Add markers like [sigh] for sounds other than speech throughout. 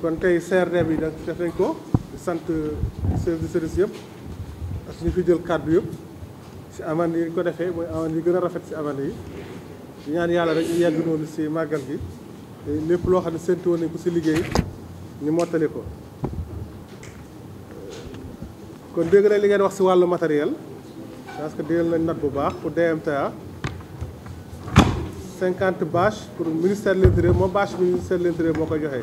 kon tey CRD bi da def nañ ko sant chef de service yëpp ak suñu fi jël kàddu yëpp si amande yi ko defee mooy amande yi gën a rafet si amande yi di ñaan yàlla rek ñu yegg noonu si màggal gi lépp loo xam ne séntu woon nañ si liggéey ñu mottali ko kon dégg nañ li ngeen wax si wàllu matériel parce que dégg nañ nat bu baax pour DMTA cinquante bâche pour ministère de l'intérieur moo bâche bi ministère de l'intérieur moo koy joxee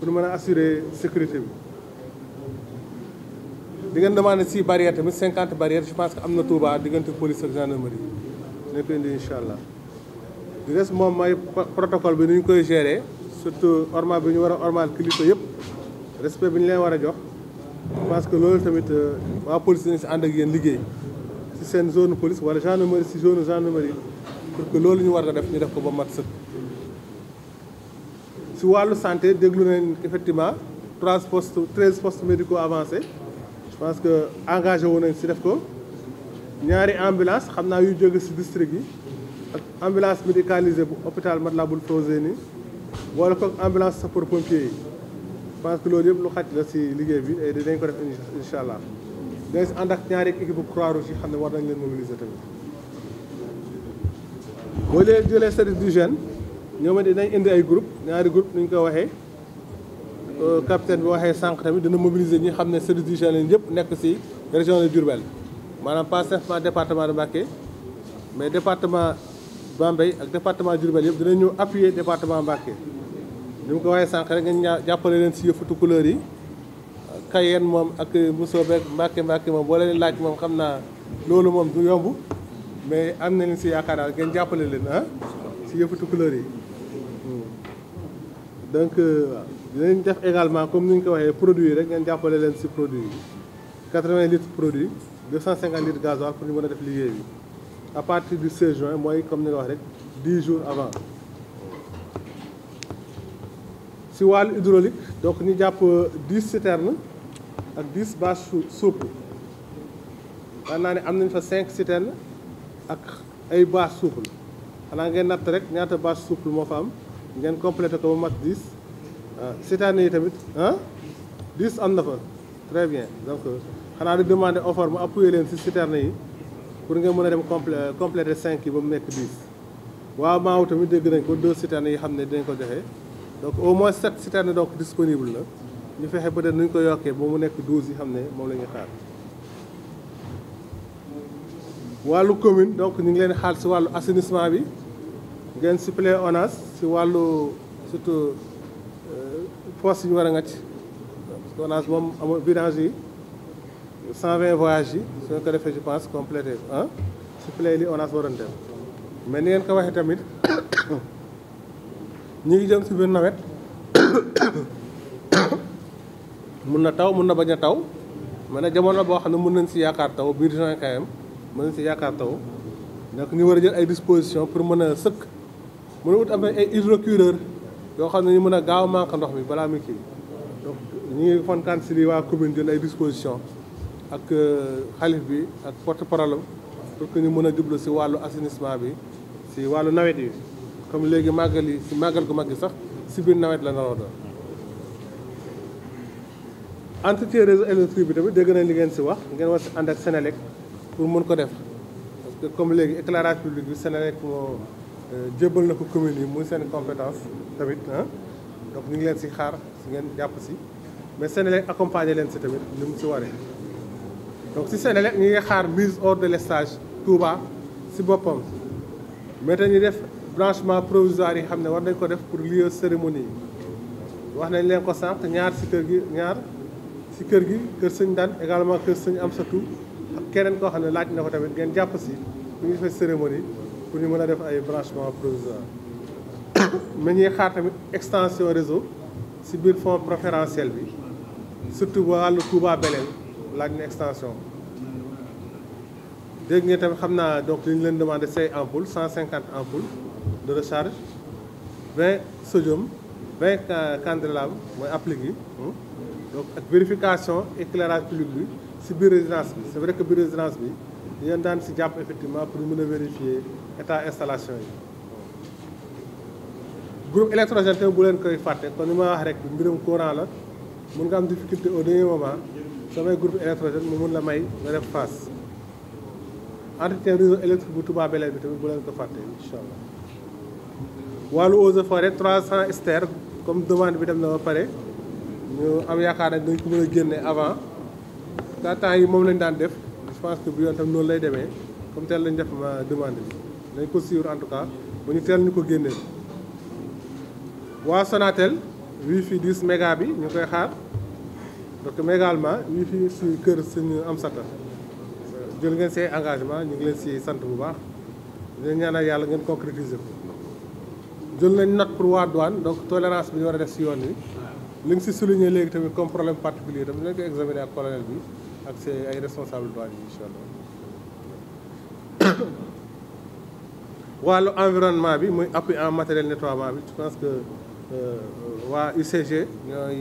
pour mën a assurer sécurité bi di ngeen demandé si barrière tamit cinquante barrières je pense que am na Touba diggante police ak gendarmerie dina ko indi incha allah di des moom mooy protocole bi ni ñu koy gérer surtout ormal bi ñu war a ormal kilifa yëpp respect bi ñu leen war a jox parce que loolu tamit euh, waa police dañu si ànd ak yéen liggéey si seen zone police wala gendarmerie si zone gendarmerie pour que loolu ñu war a def ñu def ko ba mat sëkk si wàllu santé déglu nañ effectivement trois postes 13 postes médicaux avancés je pense que engagé wu nañ si def ko ñaari ambulance xam naa yu jóge si district yi ambulance médicalisée bu hôpital Matlaboul Fawzeyni wala ko ambulance pour pompier yi je pense que loolu yëpp lu xaj la si liggéey bi et dinañ ko def incha allah dinañ si ànd ñaari équipe bu Croix-Rouge yi xam ne war nañ leen mobiliser tamit boo leen service d'hygiène ñoom it dañ indi ay groupe ñaari groupe ni ñu ko waxee euh, capitaine bi waxee sànq tamit dana mobiliser ñi xam ne service d'hygiène lañ yëpp nekk si région de Diourbel maanaam pas seulement département de Mbacké mais département Bambey ak département Diourbel yëpp dinañ ñëw appuyer département Mbacké ni mu ko waxee sànq rek ñaar jàppale leen si yëfatu couleur yi Cayenne moom ak Mousso beeg Mbacké Mbacké moom boo leen laaj moom xam naa loolu moom du yomb mais am nañ si yaakaar daal ngeen jàppale leen ah si yëfatu yi donc euh, nous avons également comme nous avons produit rek produit 80 litres de produit 250 litres gasoil pour nous mën à partir du 6 juin comme nous wax 10 jours avant si wàllu hydraulique donc avons avons 10 citernes et 10 bâches souples Nous avons fait 5 citernes et ay bâche souples Nous avons fait rek ñaata bâche souple femme. ngeen complété ko ba mat 10 ah, seetaan yi tamit ah 10 am na fa très bien donc xanaa di demander offre mu appuyer leen si citerne yi pour nga mën a dem complé euh, complété 5 yi ba mu nekk 10 waaw maaw tamit dégg nañ ko deux citernes yi xam ne dinañ ko joxe donc au moins 7 citernes donc disponible la ñu fexe peut être nu ñu ko yokkee ba mu nekk 12 yi xam ne moom la ñuy xaar. wàllu commune donc ñu ngi leen xaal si wàllu assainissement bi ngeen suppléer ONAS. si wàllu surtout euh, poste yi ñu war a ngacc parce que moom amul vidange yi cent vingt voyages yi suñu ko defee je pense complété ah suppléé li ONAS waroon dem mais ni ngeen ko waxee tamit [coughs] ñu ngi jëm si biir nawet [coughs] mun na taw mun na bañ a taw mais nag jamono boo xam ne mun nañ si yaakaar taw biir juin quand même mun nañ si yaakaar taw donc ñu war a jël ay dispositions pour mën a sëkk mu ne wut am na ay hydrocureur yoo xam ne ñu mën a gaaw manque ndox mi balaa muy kii donc ñu ngi fonkaan si li waa commune jël ay disposition ak euh, xalif bi ak porte parole pour que ñu mën a jublu si wàllu assainissement bi si wàllu nawet yi comme léegi màggal yi si màggal gu mag gi sax si biir nawet la naroo doon entretien réseau bi tamit dégg nañ li ngeen si wax ngeen war si ànd ak Sénélec pour mën ko def parce que comme léegi éclairage public bi Sénélec moo jébbal na ko communes yi muy seen compétence tamit ah donc ñu ngi leen si xaar si ngeen jàpp si mais Senelec accompagner leen si tamit ni mu si waree donc si Senelec ñu ngi xaar mise hors de l'estage Touba si boppam mais te ñu def branchement provisoire yi xam ne war nañ ko def pour lieu cérémonie yi wax nañ leen ko sànq ñaar si kër gi ñaar si kër gi kër sëñ daan également kër sëñ am sa ak keneen koo xam ne laaj na ko tamit ngeen jàpp si ñu ngi fay pour nous faire des branchements provisoires. Mais [coughs] nous avons une extension du réseau sur le fonds préférentiel. Surtout pour le Touba là, une extension. nous avons une 150 ampoules de recharge, 20 sodium, 20 candélabres appliqués. Hmm. Donc, vérification éclairage public sur résidence. C'est vrai que la résidence, il y a un pour nous vérifier état installation yi groupe électrogène te bu leen koy fàtte kon ni ma wax rek mbirum courant la mun nga am difficulté au dernier moment samay groupe électrogène mu mun la may nga def face entretien réseau électrique bu Touba Belel bi tamit bu leen allah wàllu eaux et forêt 300 stères comme demande bi dem na ba pare am yaakaar dañ ko mën a génne avant temps yi moom lañ daan def je pense que bu yoon tam noonu lay demee comme tel lañ def ma demande bi nañ ko suivre en tout cas bu ñu tel ñu ko génné wa Sonatel wifi 10 méga bi ñu koy xaar donc mais également wifi ci kër suñu am sata jël ngeen see engagement ñu ngi leen ci sante bu baax leen ñaanal yalla ngeen concrétiser ko jël nañ note pour wa douane donc tolérance bi ñu wara def ci yoon wi li nga si souligné léegi tamit comme problème particulier tamit lañ ko examiner ak colonel bi ak ses ay responsable douane yi incha allah voilà environnement bi moy appui en matériel nettoyage bi je pense que euh, wa UCG ñoy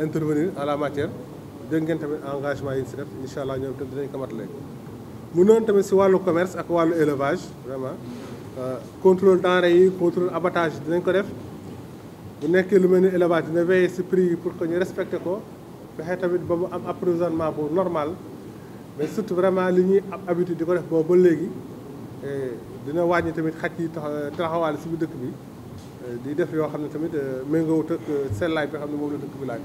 intervenir à la matière de ngeen tamit engagement yi si def incha ñoom tamit dinañ ko mat léegi mu noonu tamit commerce ak wàllu élevage vraiment euh, contrôle denrée yi contrôle abattage dinañ ko def bu nekk lu mel élevage dina veiller si prix pour que ñu respecter ko fexe tamit ba mu am approvisionnement bu normal mais surtout vraiment li ñuy habitude di ko def bo ba légui dina wàññi tamit xaj yi taxawaale si biir dëkk bi euh, di def yoo xam ne tamit euh, méngoowut ak euh, sellaay bi xam ne moom la dëkk bi laaj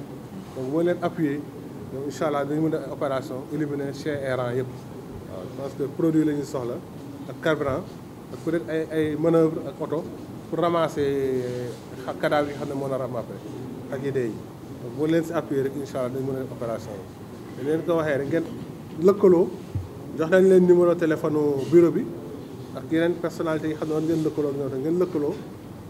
donc boo leen appuyer donc opération éliminer chien errant yëpp parce que produit la soxla ak carburant ay ay manœuvre ak oto pour ramasser xam ne moo nar a ramassé xaj yi dee yi donc boo leen si appuyer rek incha allah dañu mën a def opération yi te leen ko waxee rek ngeen lëkkaloo jox nañ leen numéro téléphone bureau bi ak yeneen personnalité yi xam ne war ngeen lëkkaloo ak ngeen lëkkaloo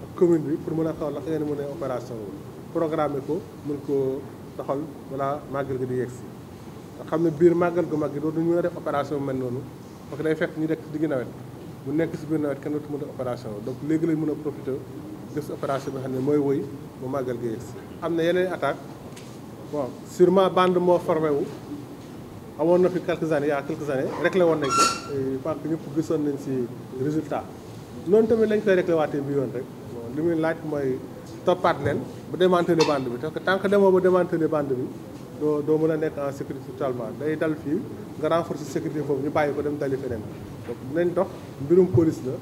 ak commune bi pour mën a xool naka ngeen mën a opération bi programmé ko mën koo doxal balaa màggal gi di yegg si nga xam ne biir màggal gu mag gi dootuñu mën a def opération bu noonu parce que day fekk ñu nekk si digg nawet bu nekk si biir nawet kenn dootu mën a opération donc léegi lañ mën a profité gis opération bi nga xam ne mooy woy bu màggal gi yegg si am na yeneen attaque bon sûrement bande moo formé wu amoon na fi quelques années il y a quelques woon nañ ko je pense que ñëpp gisoon nañ si résultat noonu tamit lañ koy réglé waatee bi yoon rek li muy laaj mooy toppaat leen ba démanteler bande bi parce que tant que demoo ba démanteler bande bi doo doo mën a nekk en sécurité totalement day dal fii nga renforcer sécurité foofu ñu bàyyi ko dem dali feneen donc dinañ dox mbirum police la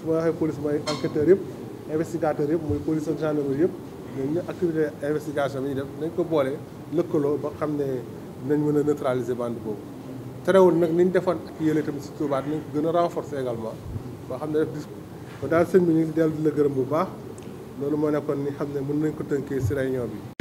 su ma waxee police mooy enquêteur yëpp investigateur yëpp muy police ak gendarmerie yëpp ñoom ñu activité investigation bi ñu def nañ ko boolee lëkkaloo ba xam ne dinañ mën a neutraliser bande boobu terewul nag ni ñu defoon ak yële tamit si Touba nañ ko gën a renforcer également boo xam ne def dis ko daal sëñ bi ñu ngi la gërëm bu baax loolu moo nekkoon ni xam ne mën nañ ko tënkee si réunion bi